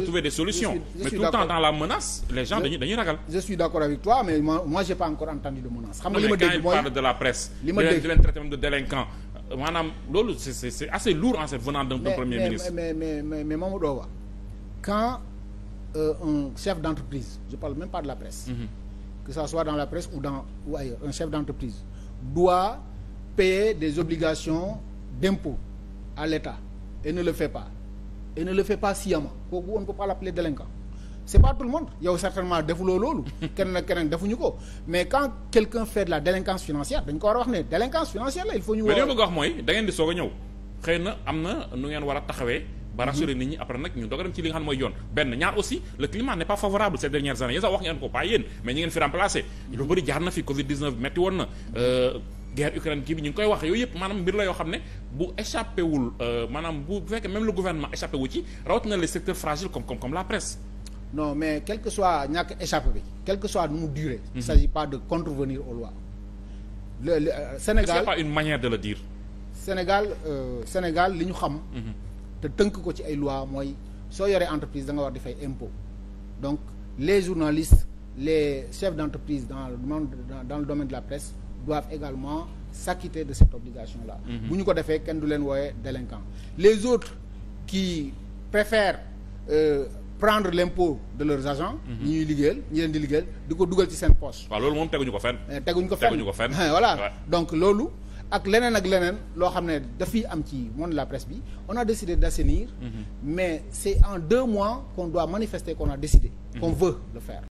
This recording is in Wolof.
de trouver des solutions je, je mais tout le temps dans la menace les gens dañuy dañuy ragal. je suis d' avec toi mais moi, pas encore entendu de menace. xam li ma dégg mooy parle de la presse. li ma dégg di euh, assez lourd en ce venant euh, un chef d' entreprise je parle même de la presse. Mm -hmm. que ça soit dans la presse ou dans ou ailleurs un chef d' doit payer des obligations d' impôt à l' et ne le fait pas. et ne le fait pas sciemment kooku on ne peut pas c'est pas tout le monde yow certainement defuloo loolu keneen ak keneen defuñu ko mais quand quelqu'un fait la délinquance financière dañ ko war a wax ne délinquance financière la il faut ñu mais li ma bëgg wax mooy da di soog a ñëw xëy na am na nu ngeen war a taxawee ba nit ñi après nag ñu doog ci li nga xam mooy yoon benn ñaar aussi le climat n'est pas favorable ces dernières années yéen sax guerre Ukraine kii bi ñu ngi koy wax yooyu yëpp maanaam mbir la yoo xam ne bu échappé wul euh, maanaam bu fekkee même le gouvernement échappé wu ci rawatina na secteurs fragiles comme comme comme la presse. non mais quel que soit ñàkk échappé bi quel que soit nu mu duré. il mhm. s'agit pas de contrevenir aux lois. le, le euh, Sénégal c'est une manière de le dire. Sénégal euh, Sénégal li ñu xam. Mhm. te tënk ko ci ay loi mooy soo yoree entreprise da nga war di fay impôt donc les journalistes les chefs d'entreprise dans le dans, dans le domaine de la presse. doivent également s'acquitter de cette obligation là mhm. bu ñu ko defee kenn du leen wooyee délinquant les autres qui préfèrent euh, prendre l'impôt de leurs agents mhm. ñi ñuy ñu ñi leen di liggéeyal di ko dugal ci seen poche waaw loolu moom teguñu ko fenn eh, teguñu ko fenn voilà ouais. donc loolu ak leneen ak leneen loo xam ne dafiy am ci monde la presse bi on a décidé d'assainir mm mais c'est en deux mois qu'on doit manifester qu'on a décidé qu'on mm le faire